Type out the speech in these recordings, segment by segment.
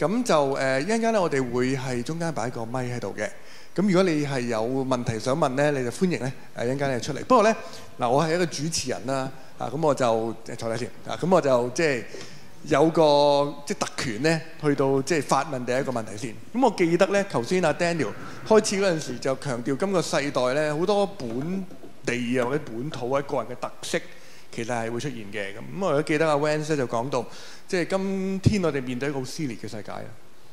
咁就誒一陣間咧，我哋會係中間擺個咪喺度嘅。咁如果你係有問題想問咧，你就歡迎咧一陣間咧出嚟。不過咧嗱，我係一個主持人啦，啊咁我就坐低先啊。咁我就即係、就是、有個即係、就是、特權咧，去到即係、就是、發問第一個問題先。咁我記得咧，頭先阿 Daniel 開始嗰陣時就強調，今個世代咧好多本地啊或者本土啊個人嘅特色。其實係會出現嘅咁。咁我記得阿 Wendy 就講到，即係今天我哋面對一個好撕裂嘅世界啊。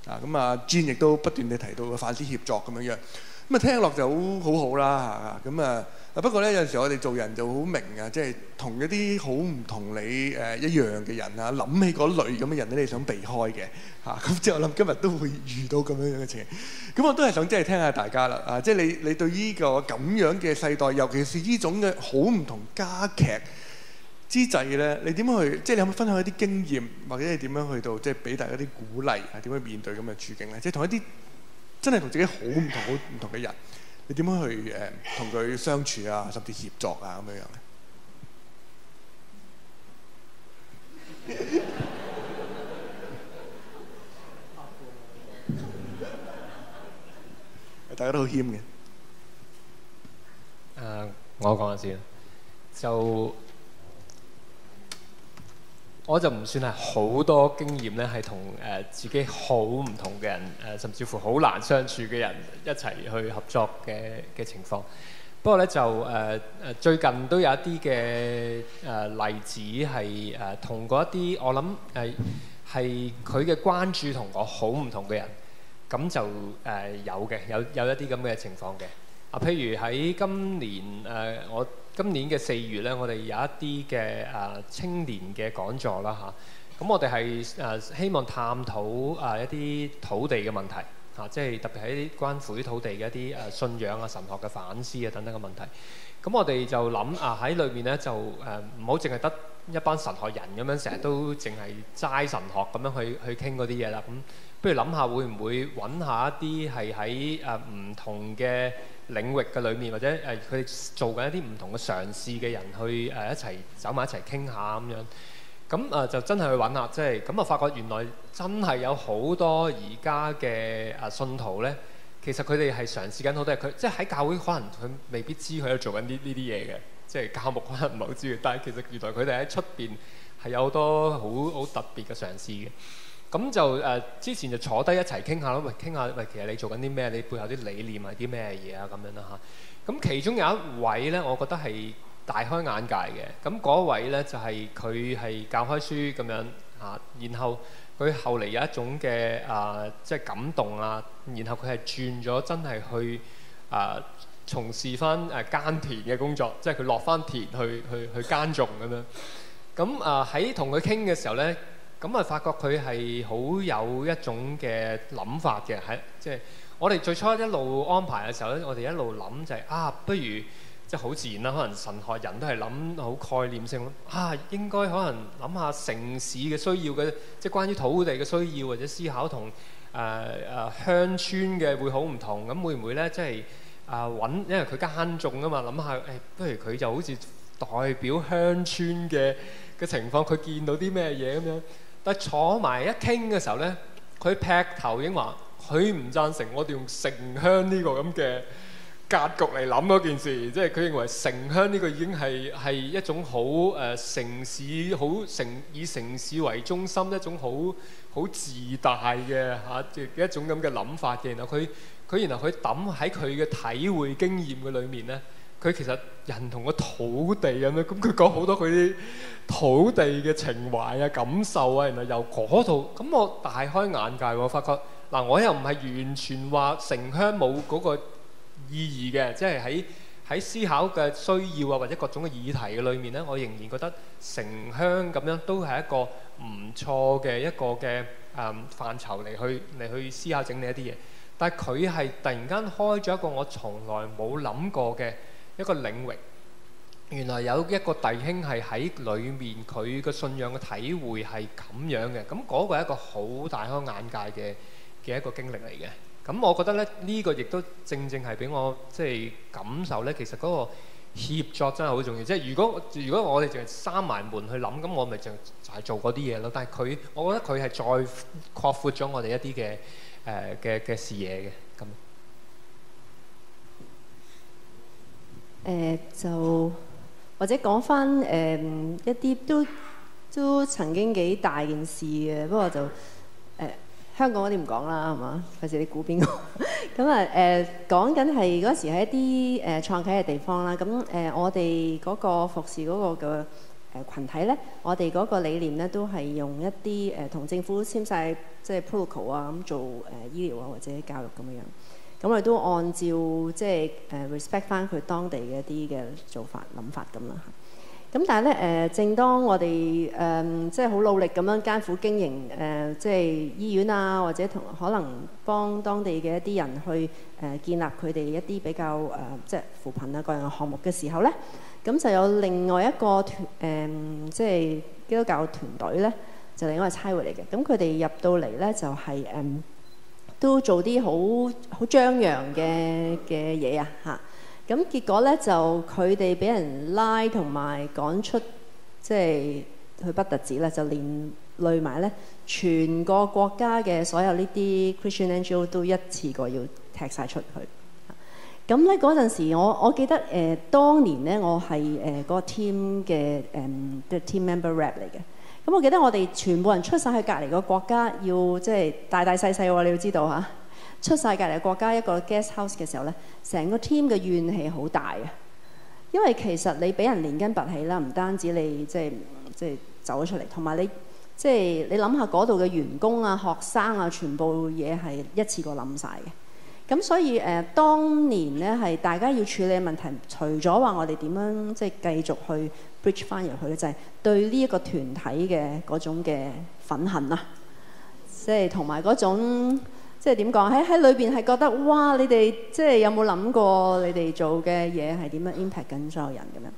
啊咁啊，Jean 亦都不斷地提到個反思協作咁樣樣。咁啊，聽落就好好好啦嚇。咁啊，不過咧有陣時我哋做人就好明啊，即係同一啲好唔同你誒一樣嘅人啊，諗起嗰類咁嘅人咧，你想避開嘅嚇。咁之後諗今日都會遇到咁樣樣嘅事。咁我都係想即係聽下大家啦。啊、就是，即係你你對呢、這個咁樣嘅世代，尤其是呢種嘅好唔同加劇。之際咧，你點樣去？即係你可唔可以分享一啲經驗，或者係點樣去到即係俾大家啲鼓勵，係點樣去面對咁嘅處境咧？即係同一啲真係同自己好唔同、好唔同嘅人，你點樣去誒同佢相處啊，甚至協作啊咁樣樣咧？ 大家都好謙嘅。誒、uh，我講下先就。我就唔算係好多經驗咧，係同誒自己好唔同嘅人，誒甚至乎好難相處嘅人一齊去合作嘅嘅情況。不過咧就誒誒、呃、最近都有一啲嘅誒例子係誒同嗰一啲我諗係係佢嘅關注同我好唔同嘅人，咁就誒、呃、有嘅有有一啲咁嘅情況嘅啊，譬如喺今年誒、呃、我。今年嘅四月咧，我哋有一啲嘅誒青年嘅講座啦嚇。咁、啊、我哋係誒希望探討誒、啊、一啲土地嘅問題嚇、啊，即係特別係一啲關乎於土地嘅一啲誒、啊、信仰啊、神學嘅反思啊等等嘅問題。咁我哋就諗啊喺裏面咧就誒唔好淨係得一班神學人咁樣成日都淨係齋神學咁樣去去傾嗰啲嘢啦。咁、啊、不如諗下會唔會揾下一啲係喺誒唔同嘅領域嘅裏面，或者誒佢做緊一啲唔同嘅嘗試嘅人去誒、呃、一齊走埋一齊傾下咁樣，咁、呃、誒就真係去揾下，即係咁啊發覺原來真係有好多而家嘅啊信徒咧，其實佢哋係嘗試緊好多嘢。佢即係喺教會可能佢未必知佢有做緊呢呢啲嘢嘅，即係教牧可能唔係好知嘅。但係其實原來佢哋喺出邊係有好多好好特別嘅嘗試嘅。咁就誒、呃、之前就坐低一齊傾下咯，喂傾下喂，其實你做緊啲咩？你背後啲理念係啲咩嘢啊？咁樣啦嚇。咁其中有一位咧，我覺得係大開眼界嘅。咁嗰位咧就係佢係教開書咁樣嚇，然後佢後嚟有一種嘅啊，即係感動啊，然後佢係轉咗真係去啊、呃、從事翻誒、呃呃、耕田嘅工作，即係佢落翻田去去去耕種咁樣。咁啊喺同佢傾嘅時候咧。咁啊，發覺佢係好有一種嘅諗法嘅，係即係我哋最初一路安排嘅時候咧，我哋一路諗就係啊，不如即係好自然啦，可能神學人都係諗好概念性咯。啊，應該可能諗下城市嘅需要嘅，即係關於土地嘅需要，或者思考同誒誒鄉村嘅會好唔同。咁會唔會咧，即係啊揾，因為佢耕種啊嘛，諗下誒，不如佢就好似代表鄉村嘅嘅情況，佢見到啲咩嘢咁樣？但坐埋一傾嘅時候呢，佢劈頭已經話：佢唔贊成我哋用城鄉呢個咁嘅格局嚟諗嗰件事，即係佢認為城鄉呢個已經係係一種好誒、呃、城市好城以城市為中心一種好好自大嘅嚇嘅一種咁嘅諗法嘅。然後佢佢然後佢抌喺佢嘅體會經驗嘅裡面呢。佢其實人同個土地咁樣，咁佢講好多佢啲土地嘅情懷啊、感受啊，原來由嗰度咁，我大開眼界，我發覺嗱，我又唔係完全話城鄉冇嗰個意義嘅，即係喺喺思考嘅需要啊，或者各種嘅議題嘅裏面呢，我仍然覺得城鄉咁樣都係一個唔錯嘅一個嘅誒範疇嚟去嚟去思考整理一啲嘢。但係佢係突然間開咗一個我從來冇諗過嘅。一個領域，原來有一個弟兄係喺裡面，佢個信仰嘅體會係咁樣嘅，咁嗰個係一個好大開眼界嘅嘅一個經歷嚟嘅。咁我覺得咧，呢個亦都正正係俾我即係感受咧，其實嗰個協作真係好重要。即係如果如果我哋淨係閂埋門去諗，咁我咪就就係做嗰啲嘢咯。但係佢，我覺得佢係再擴闊咗我哋一啲嘅誒嘅嘅視野嘅咁。誒、呃、就或者講翻誒一啲都都曾經幾大件事嘅，不過就誒、呃、香港嗰啲唔講啦，係嘛？費事你估邊個？咁啊誒講緊係嗰時係一啲誒、呃、創啟嘅地方啦。咁誒、呃、我哋嗰個服侍嗰個嘅誒羣體咧，我哋嗰個理念咧都係用一啲誒同政府簽晒即係 protocol 啊、呃、咁做誒、呃、醫療啊或者教育咁樣。咁我哋都按照即係 respect 翻佢當地嘅一啲嘅做法、諗法咁啦。咁但係咧、呃、正當我哋即係好努力咁樣艱苦經營即係、呃即係、醫院啊，或者同可能幫當地嘅一啲人去、呃、建立佢哋一啲比較即係、呃即係、扶貧啊各樣項目嘅時候咧，咁就有另外一個團即係、呃即係、基督教團隊咧，就係、另外一個差會嚟嘅。咁佢哋入到嚟咧就係、係呃都做啲好好張揚嘅嘅嘢啊吓，咁結果咧就佢哋俾人拉同埋趕出，即係去北特址不特止啦，就連累埋咧全個國家嘅所有呢啲 Christian NGO 都一次過要踢晒出去。咁咧嗰陣時候我，我我記得誒、呃、當年咧，我係誒嗰個 team 嘅誒嘅 team member rap 嚟嘅。呃咁我記得我哋全部人出晒去隔離個國家，要即係大大細細，你要知道吓，出晒隔離國家一個 guest house 嘅時候咧，成個 team 嘅怨氣好大嘅，因為其實你俾人連根拔起啦，唔單止你即係即係走咗出嚟，同埋你即係你諗下嗰度嘅員工啊、學生啊，全部嘢係一次過冧晒嘅。咁所以誒、呃，當年咧係大家要處理嘅問題，除咗話我哋點樣即係繼續去。reach 翻入去咧，就係、是、對呢一個團體嘅嗰種嘅憤恨啊，即係同埋嗰種即係點講喺喺裏邊係覺得哇！你哋即係有冇諗過你哋做嘅嘢係點樣 impact 緊所有人咁樣？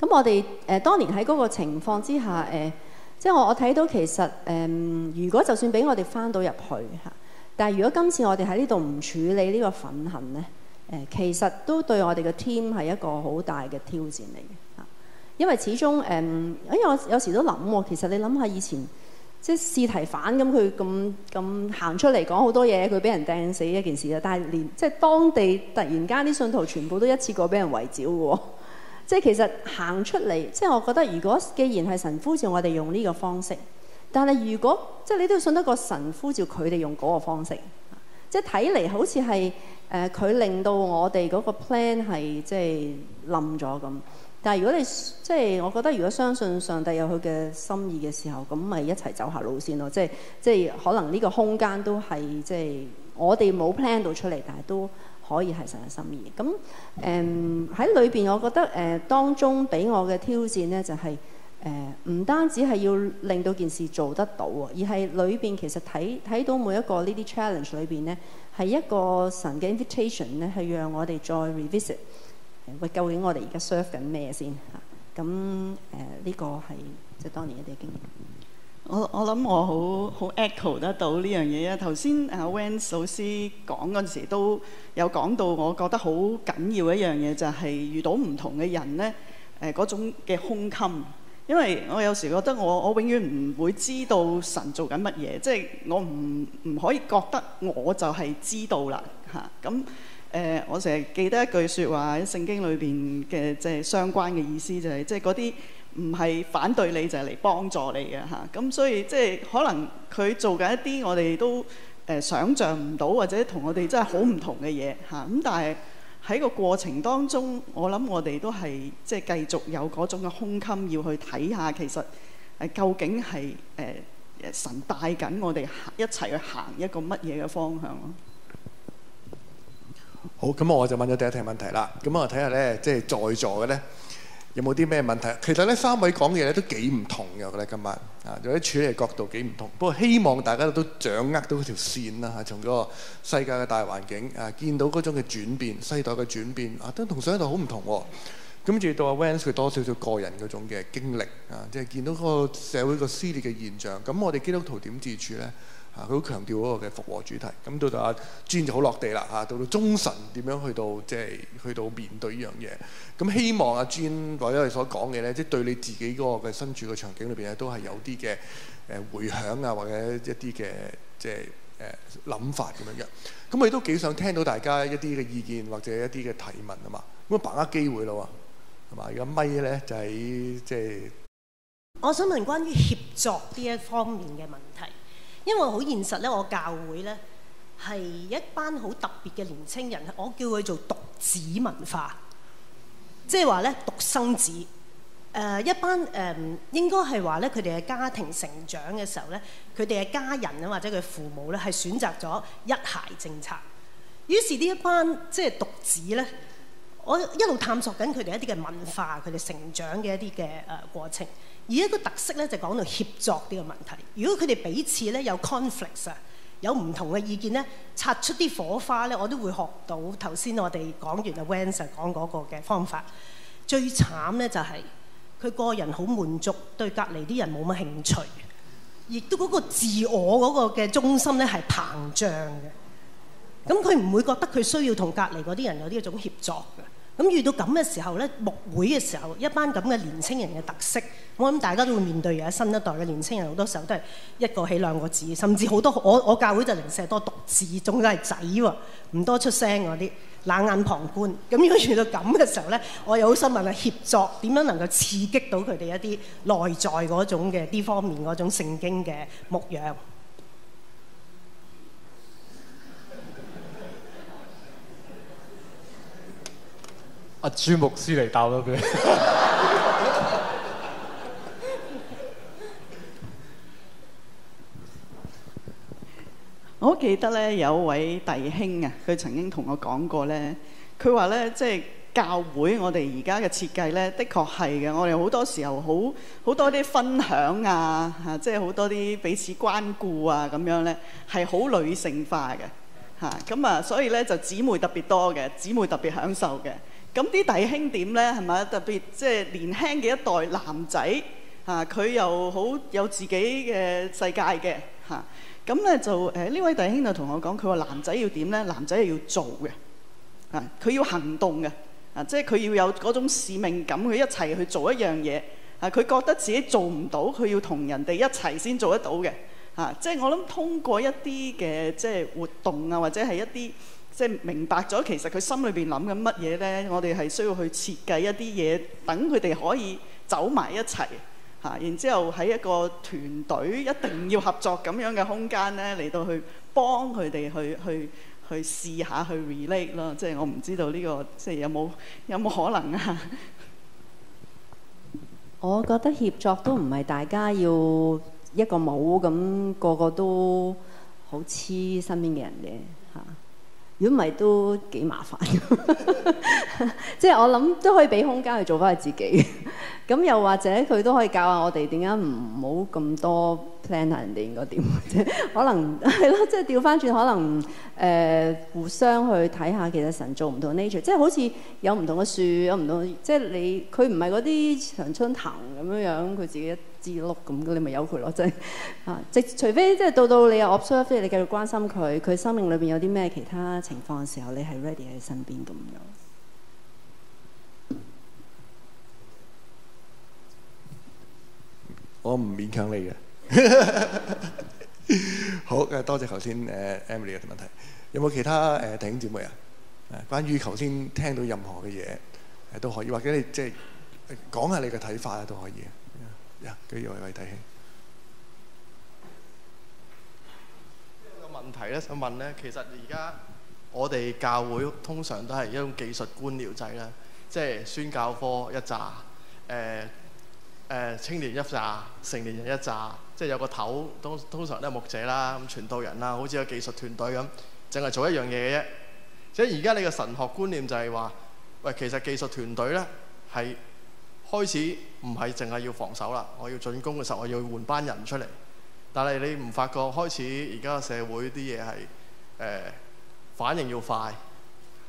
咁我哋誒當年喺嗰個情況之下誒、呃，即係我我睇到其實誒、呃，如果就算俾我哋翻到入去吓，但係如果今次我哋喺呢度唔處理呢個憤恨咧，誒、呃、其實都對我哋嘅 team 係一個好大嘅挑戰嚟嘅。因為始終誒、嗯，因為我有時都諗喎，其實你諗下以前，即試題反咁佢咁咁行出嚟講好多嘢，佢俾人掟死一件事啊！但係連即當地突然間啲信徒全部都一次過俾人圍剿嘅喎，即其實行出嚟，即我覺得如果既然係神呼召我哋用呢個方式，但係如果即你都要信得過神呼召佢哋用嗰個方式，即睇嚟好似係誒佢令到我哋嗰個 plan 係即冧咗咁。但係如果你即係，我覺得如果相信上帝有佢嘅心意嘅時候，咁咪一齊走下路先咯。即係即係可能呢個空間都係即係我哋冇 plan 到出嚟，但係都可以係神嘅心意的。咁誒喺裏邊，嗯、裡面我覺得誒、呃、當中俾我嘅挑戰咧，就係誒唔單止係要令到件事做得到喎，而係裏邊其實睇睇到每一個這些挑戰裡呢啲 challenge 裏邊咧，係一個神嘅 invitation 咧，係讓我哋再 revisit。誒，究竟我哋而家 serve 緊咩先嚇？咁誒，呢個係即係當年一啲經驗。我我諗我好好 echo 得到呢樣嘢啊！頭先阿 Wend 老師講嗰陣時，都有講到我覺得好緊要一樣嘢，就係遇到唔同嘅人咧，誒嗰種嘅胸襟。因為我有時覺得我我永遠唔會知道神做緊乜嘢，即係我唔唔可以覺得我就係知道啦嚇。咁誒、呃，我成日記得一句説話喺聖經裏邊嘅即係相關嘅意思，就是，就係即係嗰啲唔係反對你，就係嚟幫助你嘅嚇。咁所以即係可能佢做緊一啲我哋都誒、呃、想象唔到，或者跟我們真的很不同我哋真係好唔同嘅嘢嚇。咁但係喺個過程當中，我諗我哋都係即係繼續有嗰種嘅胸襟要去睇下，其實係、呃、究竟係誒、呃、神帶緊我哋行一齊去行一個乜嘢嘅方向咯。好，咁我就問咗第一題問題啦。咁我睇下咧，即係在座嘅咧，有冇啲咩問題？其實咧，三位講嘢咧都幾唔同嘅。我覺得今晚啊，有啲處理嘅角度幾唔同。不過希望大家都掌握到嗰條線啦、啊，從嗰個世界嘅大環境啊，見到嗰種嘅轉變、世代嘅轉變啊，都同上一代好唔同喎、啊。咁跟住到阿 Wendy 佢多少少個人嗰種嘅經歷啊，即係見到嗰個社會個撕裂嘅現象。咁我哋基督徒點自處咧？啊！佢好強調嗰個嘅復和主題，咁到到阿 j 就好落地啦。啊，到到忠晨點樣去到即係、就是、去到面對呢樣嘢，咁希望阿 j 或者你所講嘅咧，即、就、係、是、對你自己嗰個嘅身處嘅場景裏邊咧，都係有啲嘅誒迴響啊，或者一啲嘅即係誒諗法咁樣樣。咁我亦都幾想聽到大家一啲嘅意見或者一啲嘅提問啊嘛。咁啊，把握機會咯喎，係嘛？而家咪咧就喺即係。我想問關於協作呢一方面嘅問題。因為好現實咧，我教會咧係一班好特別嘅年青人，我叫佢做獨子文化，即係話咧獨生子。誒一班誒應該係話咧，佢哋嘅家庭成長嘅時候咧，佢哋嘅家人呀或者佢父母咧係選擇咗一孩政策，於是呢一班即係獨子咧，我一路探索緊佢哋一啲嘅文化，佢哋成長嘅一啲嘅誒過程。而一個特色咧就講到協作呢個問題。如果佢哋彼此咧有 conflict 啊，有唔同嘅意見咧，擦出啲火花咧，我都會學到頭先我哋講完阿 Wendy 講嗰個嘅方法。最慘咧就係、是、佢個人好滿足，對隔離啲人冇乜興趣，亦都嗰個自我嗰個嘅中心咧係膨脹嘅。咁佢唔會覺得佢需要同隔離嗰啲人有呢一種協作嘅。咁遇到這樣嘅時候呢，牧會嘅時候，一班咁嘅年輕人嘅特色，我諗大家都會面對新一代嘅年輕人，好多時候都係一個起兩個字，甚至好多我我教會就零舍多獨子，總之係仔喎、啊，唔多出聲嗰啲冷眼旁觀。如果遇到這樣嘅時候呢，我也好想問啊，協作點樣能夠刺激到佢哋一啲內在嗰種嘅呢方面嗰種聖經嘅牧樣阿朱牧師嚟打咗佢。我記得咧，有位弟兄啊，佢曾經同我講過咧。佢話咧，即係教會我哋而家嘅設計咧，的確係嘅。我哋好多時候好好多啲分享啊，嚇，即係好多啲彼此關顧啊，咁樣咧係好女性化嘅嚇。咁啊，所以咧就姊妹特別多嘅，姊妹特別享受嘅。咁啲弟兄點呢？係咪特別即係、就是、年輕嘅一代男仔啊，佢又好有自己嘅世界嘅嚇。咁咧就誒呢位弟兄就同我講，佢話男仔要點呢？男仔係要做嘅啊，佢要行動嘅啊，即係佢要有嗰種使命感，佢一齊去做一樣嘢啊。佢覺得自己做唔到，佢要同人哋一齊先做得到嘅。嚇、啊！即係我諗，通過一啲嘅即係活動啊，或者係一啲即係明白咗其實佢心裏邊諗緊乜嘢呢。我哋係需要去設計一啲嘢，等佢哋可以走埋一齊嚇、啊，然之後喺一個團隊一定要合作咁樣嘅空間呢，嚟到去幫佢哋去去去，去試下去 relate 咯。即係我唔知道呢個即係有冇有冇可能啊？我覺得協作都唔係大家要。一個冇咁個個都好黐身邊嘅人嘅嚇，如果唔係都幾麻煩的，即 係我諗都可以俾空間去做翻佢自己。咁 又或者佢都可以教下我哋點解唔好咁多 plan 人哋應該點嘅 可能係咯，即係調翻轉，可能誒、呃、互相去睇下其實神做唔同 nature，即係好似有唔同嘅樹，有唔同嘅，即、就、係、是、你佢唔係嗰啲長春藤咁樣樣，佢自己。支碌咁，你咪有佢咯，即係啊！即除非即係到到你又 observe，你繼續關心佢，佢生命裏邊有啲咩其他情況嘅時候，你係 ready 喺佢身邊咁樣。我唔勉強你嘅。 好，多謝頭先誒 Emily 嘅問題。有冇其他誒弟兄姊妹啊？誒，關於頭先聽到任何嘅嘢誒都可以，或者你即係講下你嘅睇法啊都可以。呀，有一位弟兄，有個問題咧，想問咧。其實而家我哋教會通常都係一種技術官僚制啦，即係宣教科一紮，誒、呃、誒、呃、青年一紮，成年人一紮，即係有個頭，通通常都係牧者啦，咁傳道人啦，好似個技術團隊咁，淨係做一樣嘢嘅啫。即係而家你嘅神學觀念就係話，喂，其實技術團隊咧係。開始唔係淨係要防守啦，我要進攻嘅時候我要換班人出嚟。但係你唔發覺開始而家社會啲嘢係誒反應要快、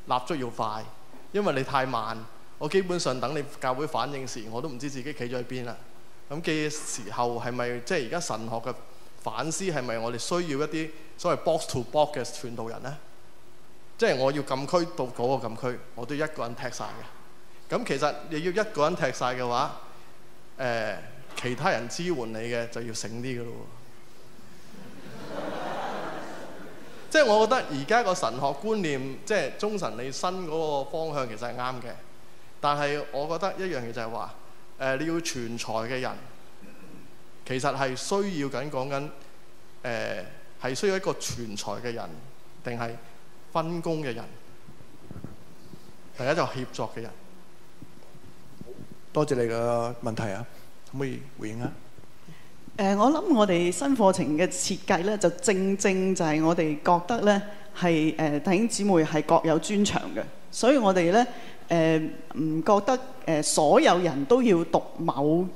立足要快，因為你太慢，我基本上等你教會反應時，我都唔知自己企咗喺邊啦。咁嘅時候係咪即係而家神學嘅反思係咪我哋需要一啲所謂 box to box 嘅傳道人呢？即係我要禁區到嗰個禁區，我都要一個人踢晒嘅。咁其實你要一個人踢晒嘅話，誒、呃、其他人支援你嘅就要醒啲嘅咯。即 係我覺得而家個神學觀念，即係忠神你身嗰個方向，其實係啱嘅。但係我覺得一樣嘢就係話，誒、呃、你要全才嘅人，其實係需要緊講緊誒係需要一個全才嘅人，定係分工嘅人，大家就協作嘅人。多謝你嘅問題啊，可唔可以回應啊？誒、呃，我諗我哋新課程嘅設計呢，就正正就係我哋覺得呢係誒、呃、弟兄姊妹係各有專長嘅，所以我哋呢誒唔、呃、覺得誒、呃、所有人都要讀某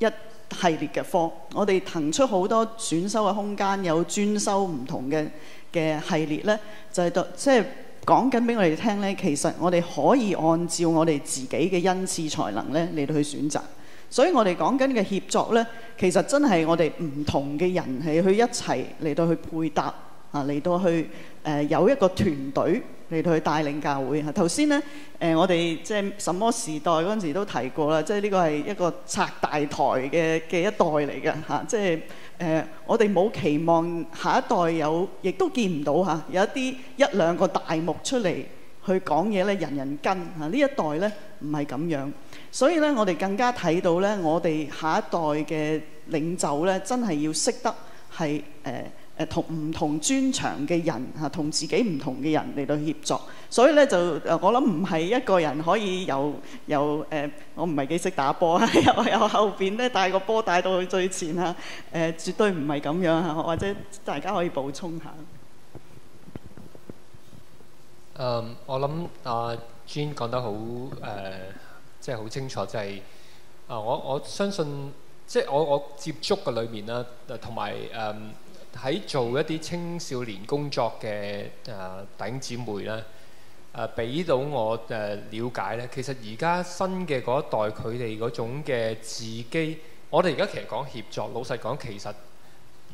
一系列嘅科，我哋騰出好多選修嘅空間，有專修唔同嘅嘅系列呢，就係讀即係。就係講緊俾我哋聽呢，其實我哋可以按照我哋自己嘅恩賜才能呢嚟到去選擇，所以我哋講緊嘅協作呢，其實真係我哋唔同嘅人係去一齊嚟到去配搭啊，嚟到去誒有一個團隊嚟到去帶領教會嚇。頭先呢誒，我哋即係什麼時代嗰陣時都提過啦，即係呢個係一個拆大台嘅嘅一代嚟嘅嚇，即係。誒，我哋冇期望下一代有，亦都見唔到吓，有一啲一兩個大目出嚟去講嘢咧，人人跟吓。呢一代咧唔係咁樣，所以咧我哋更加睇到咧，我哋下一代嘅領袖咧，真係要識得係誒。誒同唔同專長嘅人嚇，同自己唔同嘅人嚟到協作，所以咧就誒，我諗唔係一個人可以有有誒、呃，我唔係幾識打波啊，又 由後邊咧帶個波帶到去最前啊，誒、呃、絕對唔係咁樣嚇，或者大家可以補充下。嗯，我諗阿 Jane 講得好誒，即係好清楚，就係、是、啊，我我相信即係、就是、我我接觸嘅裏面啦，同埋誒。嗯喺做一啲青少年工作嘅誒弟兄姊妹啦，誒、呃、俾到我誒瞭、呃、解咧。其實而家新嘅嗰一代佢哋嗰種嘅自己，我哋而家其實講協作。老實講，其實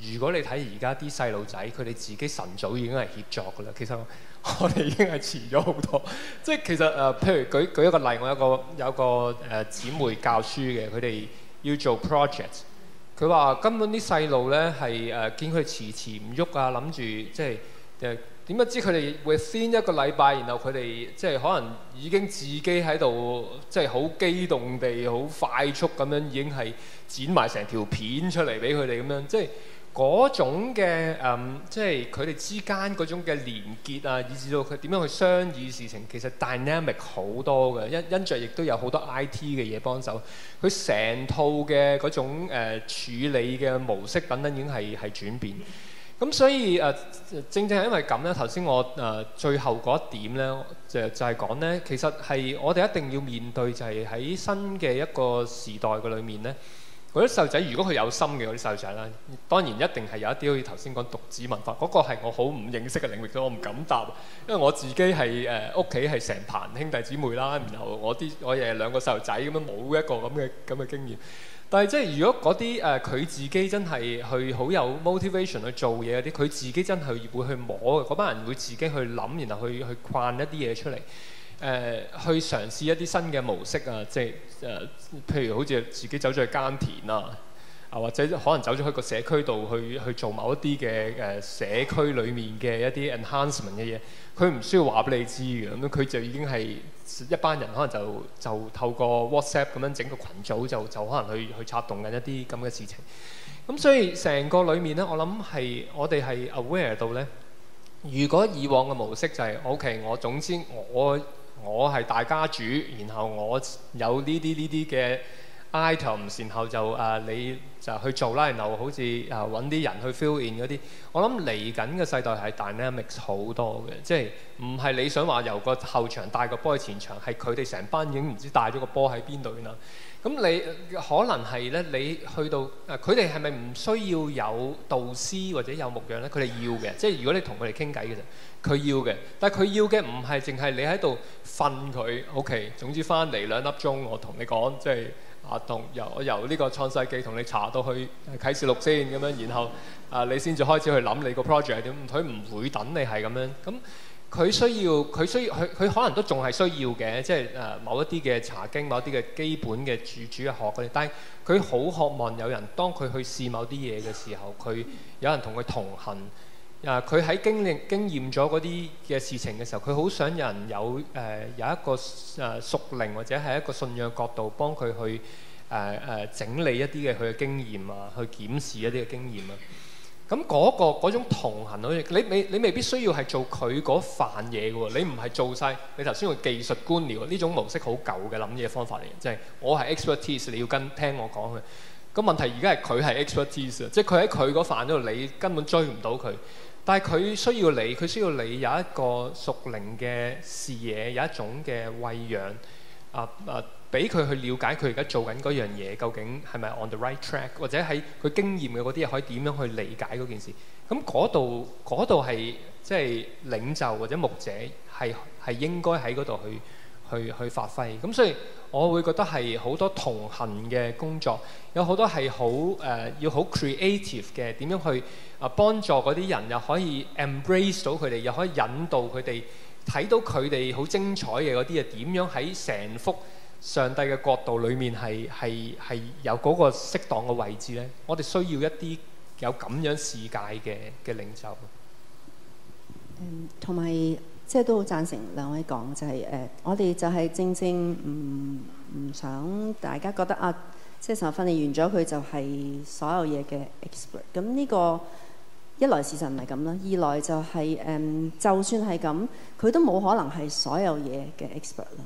如果你睇而家啲細路仔，佢哋自己晨早已經係協作㗎喇。其實我哋已經係遲咗好多。即 係其實誒，譬、呃、如舉舉一個例，我有個有個誒姊、呃、妹教書嘅，佢哋要做 project。佢話根本啲細路咧係誒見佢遲遲唔喐啊，諗住即係誒點解知佢哋會先一個禮拜，然後佢哋即係可能已經自己喺度即係好機動地、好快速咁樣已經係剪埋成條片出嚟俾佢哋咁樣即係。嗰種嘅、嗯、即係佢哋之間嗰種嘅連結啊，以至到佢點樣去商議事情，其實 dynamic 好多嘅，因因著亦都有好多 IT 嘅嘢幫手。佢成套嘅嗰種、呃、處理嘅模式等等，已經係係轉變。咁所以、呃、正正係因為咁咧，頭先我、呃、最後嗰一點咧，就就係、是、講咧，其實係我哋一定要面對，就係喺新嘅一個時代嘅裏面咧。嗰啲細路仔，如果佢有心嘅嗰啲細路仔啦，當然一定係有一啲，好似頭先講獨子文化，嗰個係我好唔認識嘅領域，所以我唔敢答。因為我自己係誒屋企係成棚兄弟姊妹啦，然後我啲我亦係兩個細路仔咁樣，冇一個咁嘅咁嘅經驗。但係即係如果嗰啲誒佢自己真係去好有 motivation 去做嘢嗰啲，佢自己真係會去摸嗰班人會自己去諗，然後去去框一啲嘢出嚟。誒、呃、去嘗試一啲新嘅模式啊，即係誒、呃，譬如好似自己走咗去耕田啊，啊或者可能走咗去個社區度去去做某一啲嘅誒社區裏面嘅一啲 enhancement 嘅嘢，佢唔需要話俾你知嘅，咁佢就已經係一班人可能就就透過 WhatsApp 咁樣整個群組就就可能去去策動緊一啲咁嘅事情。咁所以成個裏面咧，我諗係我哋係 aware 到咧，如果以往嘅模式就係、是、OK，我總之我。我我係大家主，然後我有呢啲呢啲嘅 item，然後就誒、呃、你就去做啦，然後好似誒揾啲人去 fill in 嗰啲。我諗嚟緊嘅世代係 dynamics 好多嘅，即係唔係你想話由個後場帶個波去前場，係佢哋成班已經唔知帶咗個波喺邊度啦。咁你可能係咧，你去到啊，佢哋係咪唔需要有導師或者有牧養咧？佢哋要嘅，即係如果你同佢哋傾偈嘅啫，佢要嘅。但係佢要嘅唔係淨係你喺度瞓佢。OK，總之翻嚟兩粒鐘，我同你講，即係啊，我由由呢個創世記同你查到去啊，啟示錄先咁樣，然後啊，你先至開始去諗你個 project 係點。佢唔會等你係咁樣咁。佢需要，佢需佢佢可能都仲係需要嘅，即係誒某一啲嘅查經，某一啲嘅基本嘅主主的學嗰啲。但係佢好渴望有人當佢去試某啲嘢嘅時候，佢有人同佢同行。啊，佢喺經歷經驗咗嗰啲嘅事情嘅時候，佢好想有人有誒、呃、有一個誒屬靈，或者係一個信仰角度幫佢去誒誒、呃呃、整理一啲嘅佢嘅經驗啊，去檢視一啲嘅經驗啊。咁、那、嗰個嗰種同行，好似你你你未必需要係做佢嗰範嘢嘅喎。你唔係做晒，你頭先個技術官僚呢種模式好舊嘅諗嘢方法嚟嘅，即、就、係、是、我係 expertise，你要跟聽我講嘅。咁問題而家係佢係 expertise，即係佢喺佢嗰範度，就是、他他你根本追唔到佢。但係佢需要你，佢需要你有一個屬靈嘅視野，有一種嘅餵養啊啊！啊俾佢去了解佢而家做緊嗰樣嘢，究竟係咪 on the right track，或者喺佢經驗嘅嗰啲嘢，可以點樣去理解嗰件事？咁嗰度嗰度係即係領袖或者牧者係係應該喺嗰度去去去發揮。咁所以我會覺得係好多同行嘅工作有好多係好誒要好 creative 嘅點樣去啊幫助嗰啲人又可以 embrace 到佢哋，又可以引導佢哋睇到佢哋好精彩嘅嗰啲嘢，點樣喺成幅上帝嘅角度裏面係係係有嗰個適當嘅位置咧，我哋需要一啲有咁樣視界嘅嘅領袖。同、嗯、埋即係都好贊成兩位講，就係、是、誒、呃，我哋就係正正唔唔想大家覺得啊，即係神學訓練完咗佢就係所有嘢嘅 expert。咁呢、這個一來事實唔係咁啦，二來就係、是、誒、嗯，就算係咁，佢都冇可能係所有嘢嘅 expert 啦。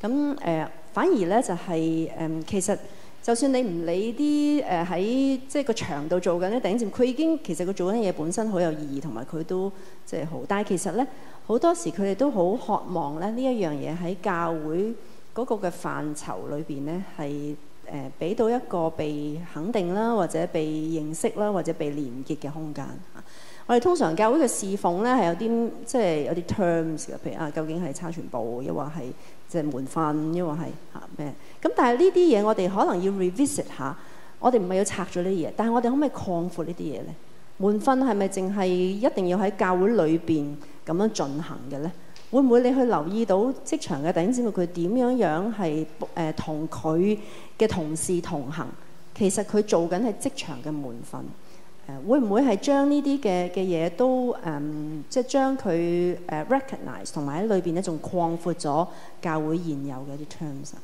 咁誒。呃反而咧就係、是、誒、嗯，其實就算你唔理啲誒喺即係個場度做緊咧，頂尖佢已經其實佢做緊嘅嘢本身好有意義，同埋佢都即係好。但係其實咧好多時佢哋都好渴望咧呢一樣嘢喺教會嗰個嘅範疇裏邊咧係誒俾到一個被肯定啦，或者被認識啦，或者被連結嘅空間嚇。我哋通常教會嘅侍奉咧係有啲即係有啲 terms 嘅，譬如啊，究竟係差傳部，亦或係？即係門訓，因為係嚇咩？咁但係呢啲嘢，我哋可能要 revisit 下，我哋唔係要拆咗呢啲嘢，但係我哋可唔可以擴闊呢啲嘢呢？門訓係咪淨係一定要喺教會裏邊咁樣進行嘅呢？會唔會你去留意到職場嘅弟兄姊妹佢點樣樣係誒同佢嘅同事同行？其實佢做緊係職場嘅門訓。誒會唔會係將呢啲嘅嘅嘢都誒，即係將佢誒 recognize 同埋喺裏邊咧，仲擴闊咗教會現有嘅啲 terms 啊。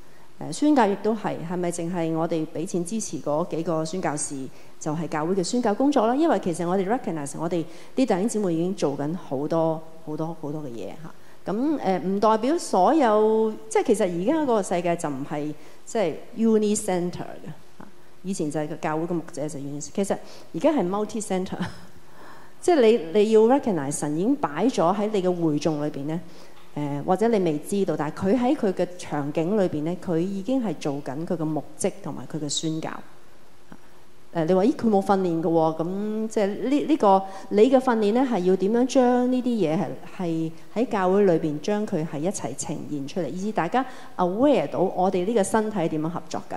誒宣教亦都係，係咪淨係我哋俾錢支持嗰幾個宣教士，就係教會嘅宣教工作啦？因為其實我哋 recognize 我哋啲弟兄姊妹已經做緊好多好多好多嘅嘢嚇。咁誒唔代表所有，即係其實而家個世界就唔係即係 uni center 嘅。就是以前就係個教會嘅牧者就完事。其實而家係 multi centre，即係你你要 recognize 神已經擺咗喺你嘅會眾裏邊咧。誒、呃，或者你未知道，但係佢喺佢嘅場景裏邊咧，佢已經係做緊佢嘅牧職同埋佢嘅宣教。誒、呃，你話咦佢冇訓練嘅喎？咁、嗯、即係呢呢個你嘅訓練咧係要點樣將呢啲嘢係係喺教會裏邊將佢係一齊呈現出嚟，以至大家 aware 到我哋呢個身體點樣合作緊。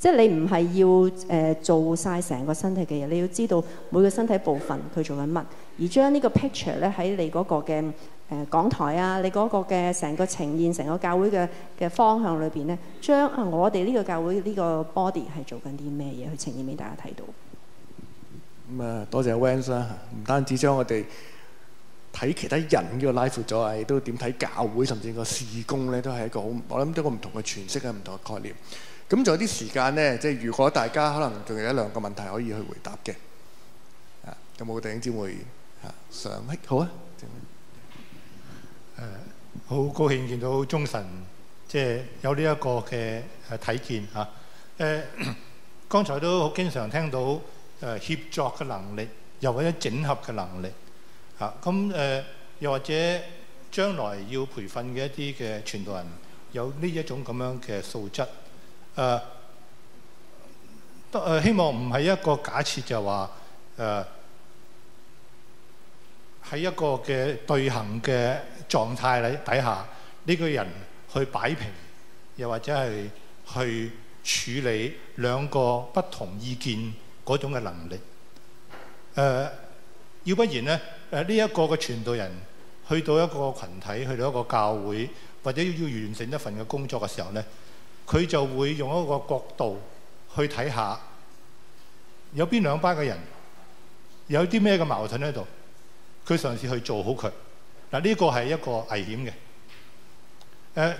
即係你唔係要誒、呃、做晒成個身體嘅嘢，你要知道每個身體部分佢做緊乜，而將呢個 picture 咧喺你嗰個嘅誒講台啊，你嗰個嘅成個呈現、成個教會嘅嘅方向裏邊咧，將啊我哋呢個教會呢、這個 body 係做緊啲咩嘢，去呈現俾大家睇到。咁、嗯、啊，多謝 Wendy 啦。唔單止將我哋睇其他人嘅 life 咗，亦都點睇教會，甚至個事工咧，都係一個好，我諗都一個唔同嘅詮釋嘅唔同嘅概念。咁仲有啲時間呢，即係如果大家可能仲有一兩個問題可以去回答嘅啊，有冇弟兄姊妹啊？常，喂，好啊，誒，好高興見到中神，即係有呢一個嘅誒體見啊。誒，剛才都好經常聽到誒協作嘅能力，又或者整合嘅能力啊。咁誒，又或者將來要培訓嘅一啲嘅傳道人有呢一種咁樣嘅素質。呃、希望唔係一個假設，就話誒喺一個嘅對行嘅狀態底下，呢、呢個人去擺平，又或者係去處理兩個不同意見嗰種嘅能力。呃、要不然呢，誒呢一個嘅傳道人去到一個群體，去到一個教會，或者要完成一份嘅工作嘅時候呢。佢就會用一個角度去睇下，有邊兩班嘅人，有啲咩嘅矛盾喺度，佢嘗試去做好佢。嗱，呢個係一個危險嘅。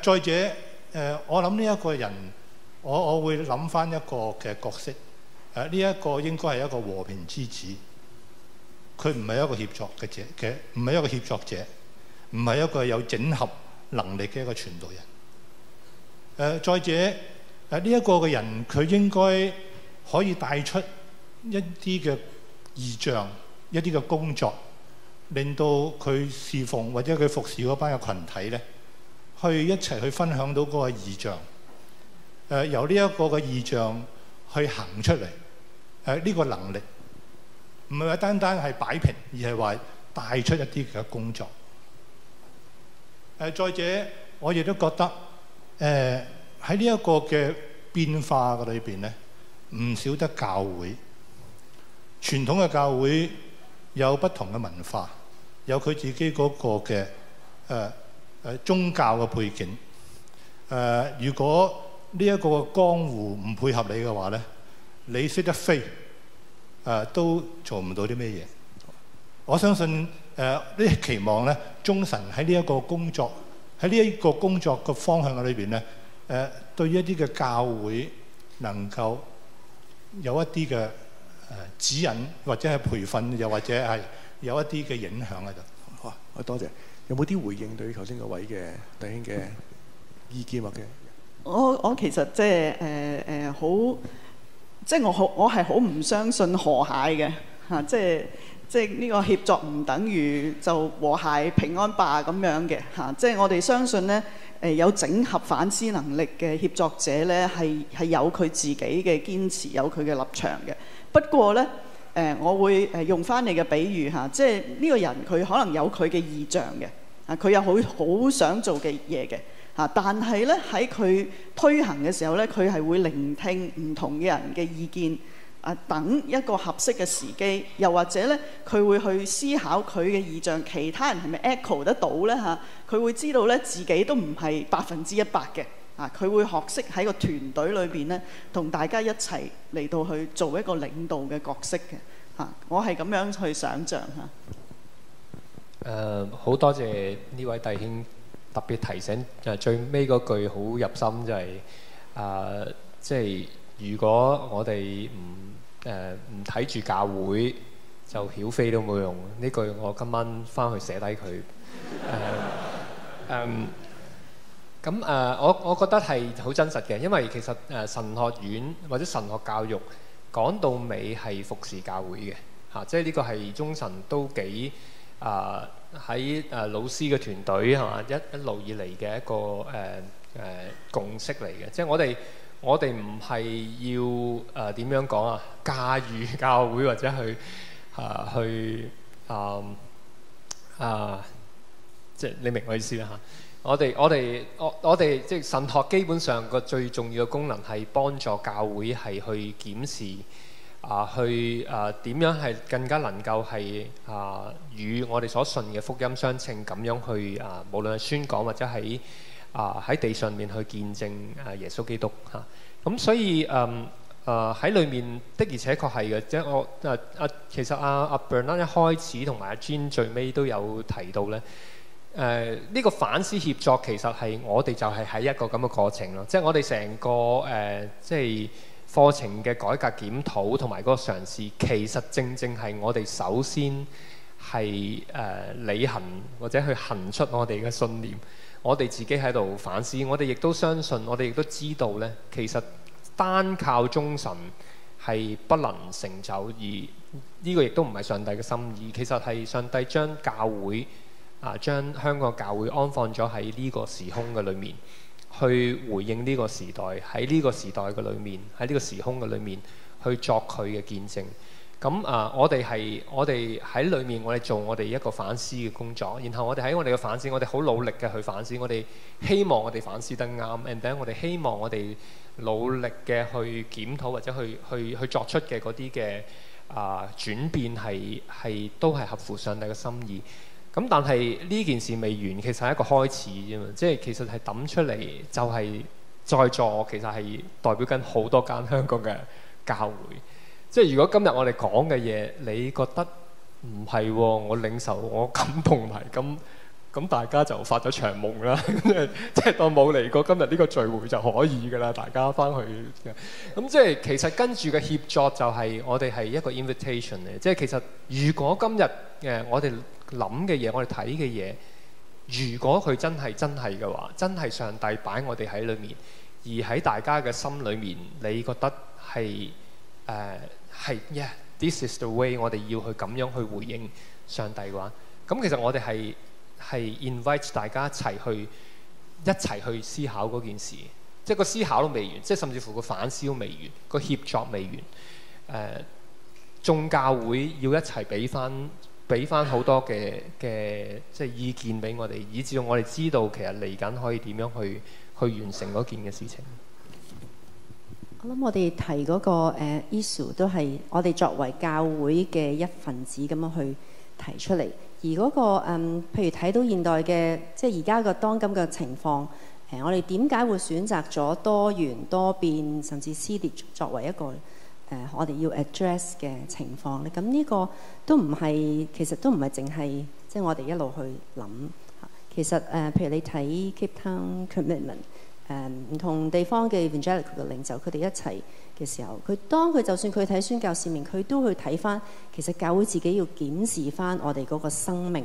誒，再者誒，我諗呢一個人，我我會諗翻一個嘅角色。誒，呢一個應該係一個和平之子。佢唔係一個協作嘅者，嘅唔係一個協作者，唔係一個有整合能力嘅一個傳道人。誒、呃、再者，誒呢一個嘅人，佢應該可以帶出一啲嘅異象，一啲嘅工作，令到佢侍奉或者佢服侍嗰班嘅群體咧，去一齊去分享到嗰個異象。誒、呃、由呢一個嘅異象去行出嚟，誒、呃、呢、這個能力唔係話單單係擺平，而係話帶出一啲嘅工作。誒、呃、再者，我亦都覺得。誒喺呢一個嘅變化嘅裏邊咧，唔少得教會傳統嘅教會有不同嘅文化，有佢自己嗰個嘅誒誒宗教嘅背景。誒、呃，如果呢一個江湖唔配合你嘅話咧，你識得飛誒、呃、都做唔到啲咩嘢。我相信誒呢、呃、期望咧，中神喺呢一個工作喺呢一個工作嘅方向嘅裏邊咧，誒對一啲嘅教會能夠有一啲嘅誒指引，或者係培訓，又或者係有一啲嘅影響喺度。好多謝。有冇啲回應對頭先個位嘅弟兄嘅意見或嘅、嗯、我我其實即係誒誒好，即係我好我係好唔相信河蟹嘅嚇，即係。即係呢個協作唔等於就和諧平安霸咁樣嘅嚇、啊，即係我哋相信呢，誒有整合反思能力嘅協作者呢，係係有佢自己嘅堅持，有佢嘅立場嘅。不過呢，誒、呃，我會誒用返你嘅比喻嚇、啊，即係呢個人佢可能有佢嘅意象嘅啊，佢有好好想做嘅嘢嘅嚇，但係呢，喺佢推行嘅時候呢，佢係會聆聽唔同嘅人嘅意見。等一個合適嘅時機，又或者呢，佢會去思考佢嘅意象，其他人係咪 echo 得到呢？嚇、啊，佢會知道呢，自己都唔係百分之一百嘅。啊，佢會學識喺個團隊裏邊呢，同大家一齊嚟到去做一個領導嘅角色嘅。嚇、啊，我係咁樣去想像嚇。誒、呃，好多謝呢位弟兄特別提醒，呃、最尾嗰句好入心就係、是呃、即係。如果我哋唔誒唔睇住教會，就曉飛都冇用。呢句我今晚返去寫低佢。誒誒，咁誒我我覺得係好真實嘅，因為其實誒神學院或者神學教育講到尾係服侍教會嘅嚇，即係呢個係中神都幾啊喺誒老師嘅團隊係嘛，一一路以嚟嘅一個誒誒共識嚟嘅，即係我哋。我哋唔係要誒點、呃、樣講啊？駕馭教會或者去誒、呃、去誒誒、呃呃，即係你明白我意思啦嚇！我哋我哋我我哋即係神學，基本上個最重要嘅功能係幫助教會係去檢視啊、呃，去誒點、呃、樣係更加能夠係啊與我哋所信嘅福音相稱，咁樣去啊、呃，無論係宣講或者係。啊！喺地上面去見證誒耶穌基督嚇，咁、啊、所以誒誒喺裏面的而且確係嘅。即係我誒誒、啊啊，其實阿、啊、阿、啊、Bernard 一開始同埋阿 Jean 最尾都有提到咧。誒、啊、呢、這個反思協作其實係我哋就係喺一個咁嘅過程咯。即、就、係、是、我哋成個誒即係課程嘅改革檢討同埋嗰個嘗試，其實正正係我哋首先係誒、啊、履行或者去行出我哋嘅信念。我哋自己喺度反思，我哋亦都相信，我哋亦都知道咧。其實單靠忠臣，係不能成就，而呢個亦都唔係上帝嘅心意。其實係上帝將教會，啊，將香港教會安放咗喺呢個時空嘅裏面，去回應呢個時代。喺呢個時代嘅裏面，喺呢個時空嘅裏面，去作佢嘅見證。咁啊，我哋係我哋喺裏面，我哋做我哋一個反思嘅工作。然後我哋喺我哋嘅反思，我哋好努力嘅去反思。我哋希望我哋反思得啱，and then 我哋希望我哋努力嘅去檢討或者去去去作出嘅嗰啲嘅啊轉變係係都係合乎上帝嘅心意。咁但係呢件事未完，其實係一個開始啫嘛。即係其實係抌出嚟就係在座，其實係代表緊好多間香港嘅教會。即係如果今日我哋講嘅嘢，你覺得唔係喎，我領受，我感動埋，咁咁大家就發咗場夢啦， 即係即當冇嚟過今日呢個聚會就可以噶啦，大家翻去嘅。咁即係其實跟住嘅協作就係我哋係一個 invitation 嚟。即係其實如果今日誒我哋諗嘅嘢，我哋睇嘅嘢，如果佢真係真係嘅話，真係上帝擺我哋喺裏面，而喺大家嘅心裏面，你覺得係誒？呃係，yeah，this is the way 我哋要去咁樣去回應上帝嘅話，咁其實我哋係係 invite 大家一齊去一齊去思考嗰件事，即係個思考都未完，即係甚至乎個反思都未完，個協作未完，誒、呃，眾教會要一齊俾翻俾翻好多嘅嘅即係意見俾我哋，以至我哋知道其實嚟緊可以點樣去去完成嗰件嘅事情。我諗我哋提嗰個 issue 都係我哋作為教會嘅一份子咁樣去提出嚟，那個，而嗰個譬如睇到現代嘅即係而家個當今嘅情況，誒我哋點解會選擇咗多元多變甚至撕裂作為一個誒我哋要 address 嘅情況咧？咁呢個都唔係其實都唔係淨係即係我哋一路去諗，其實誒譬如你睇 Cape Town Commitment。誒、嗯、唔同地方嘅 evangelical 嘅領袖，佢哋一齊嘅時候，佢當佢就算佢睇宣教使命，佢都去睇翻其實教會自己要檢視翻我哋嗰個生命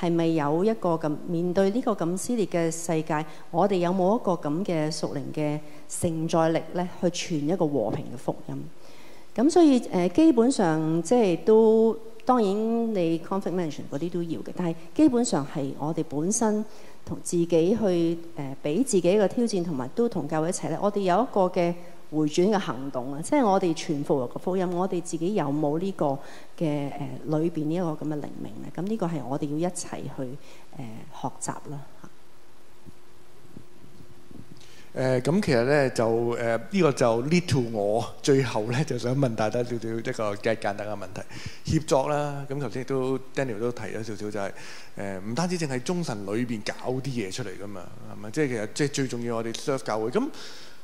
係咪有一個咁面對呢個咁撕裂嘅世界，我哋有冇一個咁嘅屬靈嘅承載力咧，去傳一個和平嘅福音？咁所以誒、呃，基本上即係都當然你 confession 嗰啲都要嘅，但係基本上係我哋本身。同自己去誒俾、呃、自己嘅挑戰，同埋都同教會一齊咧。我哋有一個嘅回轉嘅行動啊，即係我哋傳復活嘅福音。我哋自己有冇呢個嘅誒裏邊呢一個咁嘅靈命咧？咁呢個係我哋要一齊去誒、呃、學習啦。誒、呃、咁其實咧就誒呢、呃、這個就 lead to 我最後咧就想問大家少少一個幾簡單嘅問題協作啦。咁頭先亦都 Daniel 都提咗少少就係誒唔單止淨係中神裏邊搞啲嘢出嚟㗎嘛係咪？即係其實即係最重要的是我哋 serve 教會，咁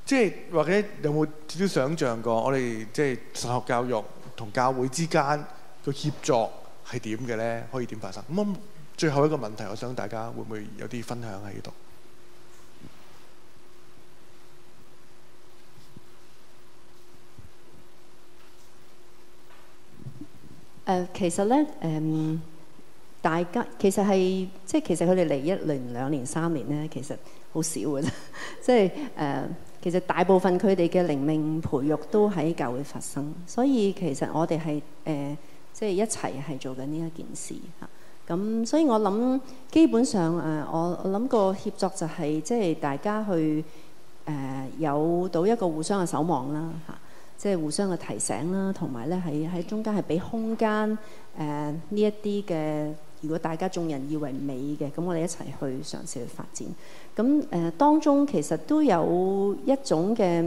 即係或者有冇少少想像過我哋即係神學教育同教會之間個協作係點嘅咧？可以點發生？咁最後一個問題，我想大家會唔會有啲分享喺呢度？誒、呃、其實咧，誒、呃、大家其實係即係其實佢哋嚟一輪、兩年、三年咧，其實好少嘅，即係誒其實大部分佢哋嘅靈命培育都喺教會發生，所以其實我哋係誒即係一齊係做緊呢一件事嚇。咁所以我諗基本上誒、呃、我我諗個協作就係、是、即係大家去誒、呃、有到一個互相嘅守望啦嚇。即係互相嘅提醒啦，同埋咧喺喺中間係俾空間誒呢一啲嘅，如果大家眾人以為美嘅，咁我哋一齊去嘗試去發展。咁誒、呃、當中其實都有一種嘅誒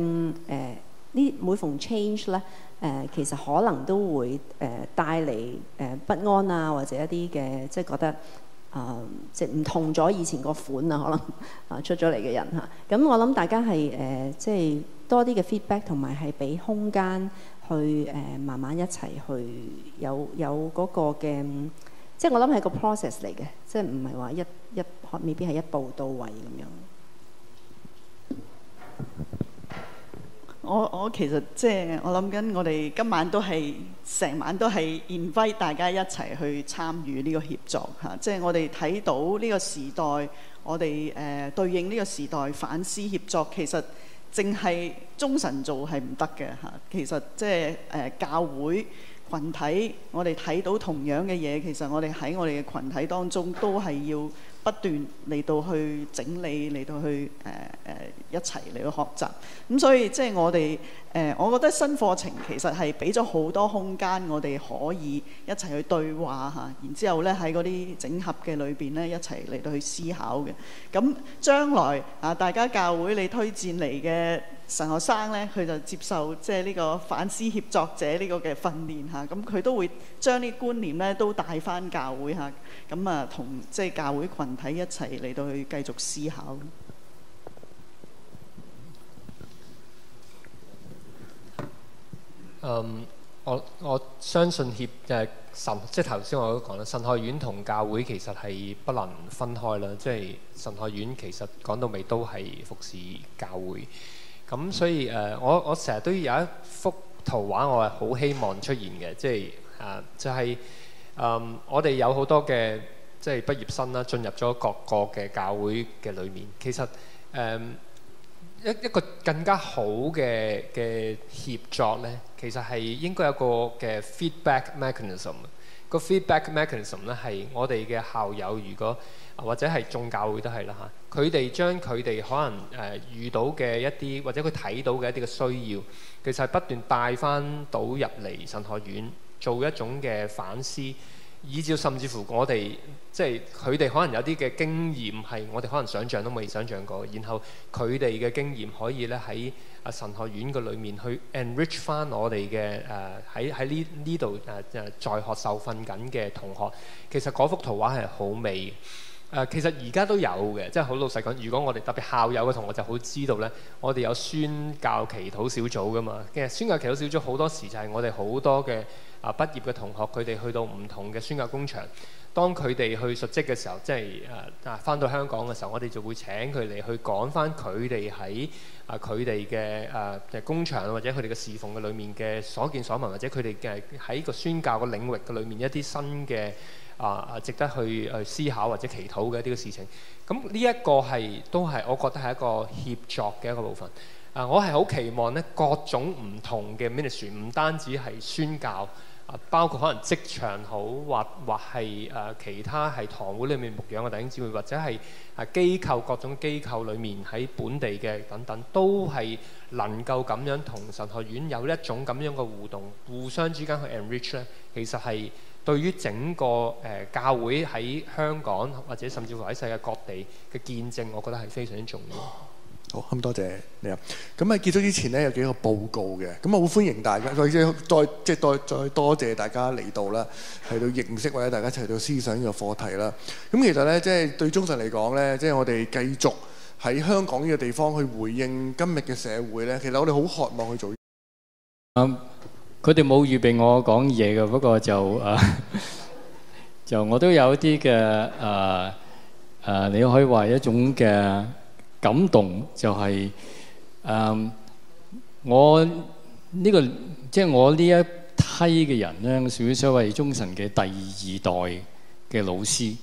呢每逢 change 咧、呃、誒，其實可能都會誒帶嚟誒不安啊，或者一啲嘅即係覺得啊即係唔同咗以前個款啊，可能啊出咗嚟嘅人嚇、啊。咁我諗大家係誒即係。呃即係多啲嘅 feedback 同埋係俾空間去誒、呃、慢慢一齊去有有個嘅，即係我諗係個 process 嚟嘅，即係唔係話一一未必係一步到位咁樣。我我其實即係我諗緊，我哋今晚都係成晚都係 invite 大家一齊去參與呢個協作吓，即、啊、係、就是、我哋睇到呢個時代，我哋誒、呃、對應呢個時代反思協作，其實。淨係忠臣做係唔得嘅吓，其實即係誒教會群體，我哋睇到同樣嘅嘢，其實我哋喺我哋嘅群體當中都係要。不斷嚟到去整理，嚟到去誒誒、呃呃、一齊嚟到學習。咁所以即係、就是、我哋誒、呃，我覺得新課程其實係俾咗好多空間，我哋可以一齊去對話吓、啊，然之後咧喺嗰啲整合嘅裏邊咧一齊嚟到去思考嘅。咁將來啊，大家教會你推薦嚟嘅。神學生咧，佢就接受即係呢個反思協作者呢個嘅訓練嚇。咁佢都會將呢觀念咧都帶翻教會嚇。咁啊，同即係教會群體一齊嚟到去繼續思考。嗯，我我相信協誒、呃、神，即係頭先我都講啦，神學院同教會其實係不能分開啦。即係神學院其實講到尾都係服侍教會。咁所以我我成日都有一幅圖畫，我係好希望出現嘅，即係誒，就係誒，我哋有好多嘅即係畢業生啦，進入咗各個嘅教會嘅裏面。其實、嗯、一一個更加好嘅嘅協作咧，其實係應該有一個嘅 feedback mechanism。個 feedback mechanism 咧係我哋嘅校友，如果或者係眾教會都係啦嚇佢哋將佢哋可能誒、呃、遇到嘅一啲，或者佢睇到嘅一啲嘅需要，其實係不斷帶翻到入嚟神學院做一種嘅反思，以至甚至乎我哋即係佢哋可能有啲嘅經驗係我哋可能想像都未想像過，然後佢哋嘅經驗可以咧喺神學院嘅裏面去 enrich 翻我哋嘅誒喺喺呢呢度誒誒在學受訓緊嘅同學，其實嗰幅圖畫係好美。誒其實而家都有嘅，即係好老實講。如果我哋特別校友嘅同學就好知道咧，我哋有宣教祈禱小組噶嘛。其實宣教祈禱小組好多時就係我哋好多嘅啊畢業嘅同學，佢哋去到唔同嘅宣教工場，當佢哋去述職嘅時候，即係誒啊返到香港嘅時候，我哋就會請佢哋去講返佢哋喺啊佢哋嘅誒工場或者佢哋嘅侍奉嘅裡面嘅所見所聞，或者佢哋嘅喺個宣教嘅領域嘅裡面一啲新嘅。啊啊，值得去去思考或者祈禱嘅呢個事情。咁呢一個係都係，我覺得係一個協作嘅一個部分。啊，我係好期望呢各種唔同嘅 ministry，唔單止係宣教啊，包括可能職場好或或係誒、啊、其他係堂會裏面牧養嘅弟兄姊妹，或者係啊機構各種機構裏面喺本地嘅等等，都係能夠咁樣同神學院有一種咁樣嘅互動，互相之間去 enrich 咧，其實係。對於整個誒教會喺香港或者甚至乎喺世界各地嘅見證，我覺得係非常之重要。好，咁多謝你啊。咁啊，結束之前咧，有幾個報告嘅。咁啊，好歡迎大家再再即係再再多謝大家嚟到啦，係度認識或者大家一齊做思想嘅課題啦。咁其實咧，即係對中神嚟講咧，即係我哋繼續喺香港呢個地方去回應今日嘅社會咧，其實我哋好渴望去做。啊。佢哋冇預備我講嘢嘅，不過就誒、啊，就我都有一啲嘅誒誒，你可以話一種嘅感動，就係、是、誒、啊、我呢、這個即係、就是、我呢一梯嘅人咧，屬於所謂中神嘅第二代嘅老師。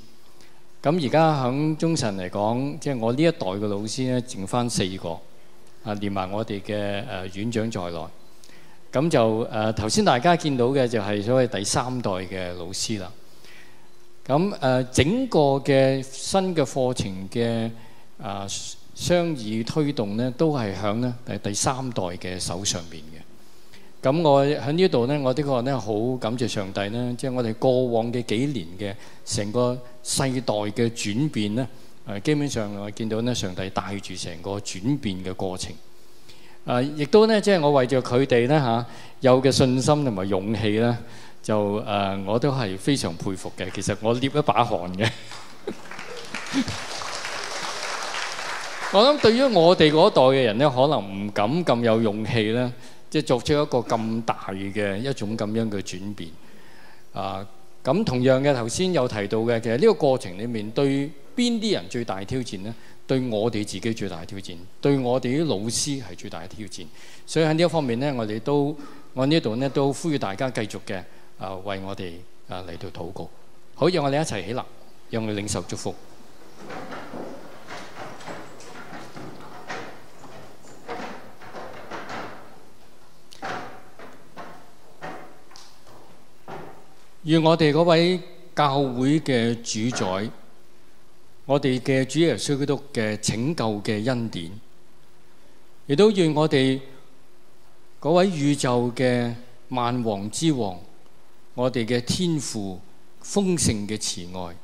咁而家喺中神嚟講，即、就、係、是、我呢一代嘅老師咧，剩翻四個啊，連埋我哋嘅誒院長在內。咁就誒頭先大家見到嘅就係所謂第三代嘅老師啦。咁誒、呃、整個嘅新嘅課程嘅誒商議推動咧，都係喺咧誒第三代嘅手上面嘅。咁我喺呢度咧，我的確咧好感謝上帝咧，即、就、係、是、我哋過往嘅幾年嘅成個世代嘅轉變咧，誒基本上我見到咧上帝帶住成個轉變嘅過程。誒，亦都咧，即係我為咗佢哋咧嚇有嘅信心同埋勇氣咧，就誒，我都係非常佩服嘅。其實我捏一把汗嘅。我諗對於我哋嗰代嘅人咧，可能唔敢咁有勇氣咧，即係作出一個咁大嘅一種咁樣嘅轉變。啊，咁同樣嘅，頭先有提到嘅，其實呢個過程裡面對邊啲人最大挑戰咧？對我哋自己最大嘅挑戰，對我哋啲老師係最大嘅挑戰，所以喺呢方面呢，我哋都我呢度呢，都呼籲大家繼續嘅啊、呃、為我哋啊嚟到禱告。好，讓我哋一齊起，起立，讓我哋領受祝福。願我哋嗰位教會嘅主宰。我哋嘅主耶穌基督嘅拯救嘅恩典，亦都願我哋嗰位宇宙嘅萬王之王，我哋嘅天父豐盛嘅慈愛，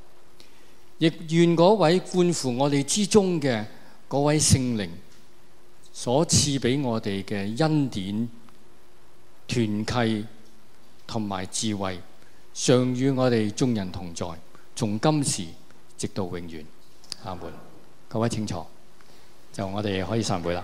亦願嗰位貫乎我哋之中嘅嗰位聖靈所賜俾我哋嘅恩典、團契同埋智慧，常與我哋眾人同在，從今時，直到永遠，阿門！各位清楚，就我哋可以散會啦。